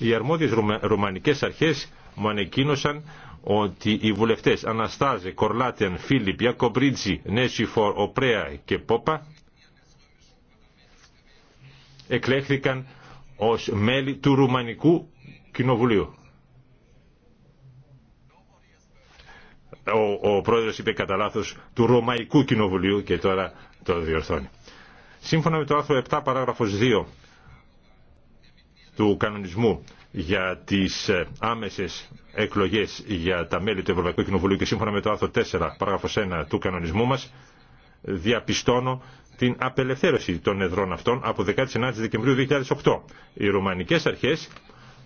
Οι αρμόδιες ρουμανικές αρχές μου ανακοίνωσαν ότι οι βουλευτές Αναστάζε, Κορλάτεν, Φίλιπ, Ιακομπρίτζη, Νέσιφορ, Οπρέα και Πόπα εκλέχθηκαν ως μέλη του Ρουμανικού Κοινοβουλίου. Ο, ο πρόεδρος είπε κατά λάθο του Ρωμαϊκού Κοινοβουλίου και τώρα το διορθώνει. Σύμφωνα με το άρθρο 7 παράγραφος 2 του κανονισμού για τις ε, άμεσες εκλογές για τα μέλη του Ευρωπαϊκού Κοινοβουλίου και σύμφωνα με το άρθρο 4 παράγραφος 1 του κανονισμού μας διαπιστώνω την απελευθέρωση των εδρών αυτών από 19 Δεκεμβρίου 2008. Οι Ρουμανικές αρχές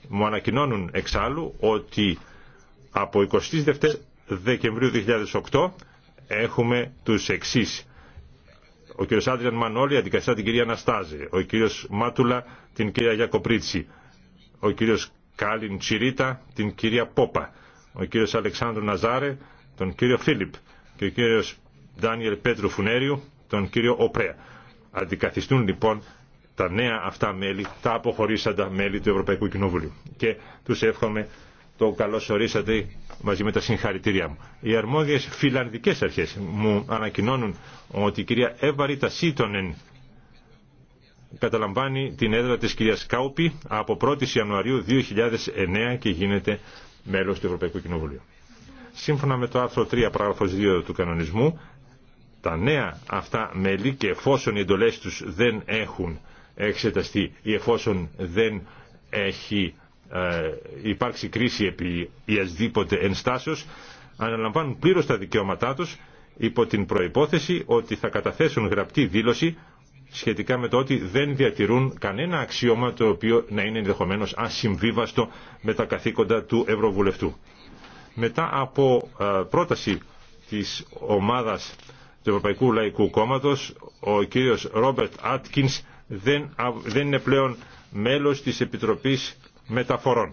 μου ανακοινώνουν εξάλλου ότι από 22 Δεκεμβρίου 2008 έχουμε τους εξής ο κύριος Άντριαν Μανώλη αντικαθιστά την κυρία Αναστάζη, ο κύριος Μάτουλα την κυρία Γιακοπρίτσι, ο κύριος Κάλιν Τσιρίτα την κυρία Πόπα, ο κύριος Αλεξάνδρου Ναζάρε τον κύριο Φίλιπ και ο κύριος Ντάνιελ Πέτρου Φουνέριου τον κύριο Οπρέα. Αντικαθιστούν λοιπόν τα νέα αυτά μέλη, τα αποχωρήσαντα μέλη του Ευρωπαϊκού Κοινοβουλίου. Και τους εύχομαι το καλώς ορίσατε μαζί με τα συγχαρητήριά μου. Οι αρμόδιες φιλανδικές αρχές μου ανακοινώνουν ότι η κυρία Εύαρητα Σίτονεν καταλαμβάνει την έδρα της κυρίας Κάουπη από 1η Ιανουαρίου 2009 και γίνεται μέλος του Ευρωπαϊκού Κοινοβουλίου. Σύμφωνα με το άρθρο 3 παράγραφος 2 του κανονισμού, τα νέα αυτά μέλη και εφόσον οι εντολές τους δεν έχουν εξεταστεί ή εφόσον δεν έχει ε, υπάρξει κρίση επί ιασδήποτε ενστάσεως αναλαμβάνουν πλήρως τα δικαιώματά τους υπό την προϋπόθεση ότι θα καταθέσουν γραπτή δήλωση σχετικά με το ότι δεν διατηρούν κανένα αξίωμα το οποίο να είναι ενδεχομένως ασυμβίβαστο με τα καθήκοντα του Ευρωβουλευτού. Μετά από ε, πρόταση της ομάδας του Ευρωπαϊκού Λαϊκού Κόμματος, ο κύριος Ρόμπερτ Άτκινς δεν, δεν είναι πλέον μέλος της Επιτροπής μεταφορών.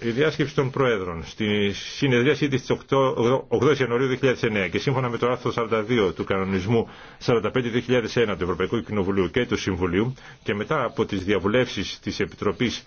Η διάσκεψη των Προέδρων στη συνεδρίασή της 8 Ιανουαρίου 2009 και σύμφωνα με το άρθρο 42 του κανονισμού 45-2001 του Ευρωπαϊκού Κοινοβουλίου και του Συμβουλίου και μετά από τις διαβουλεύσεις της Επιτροπής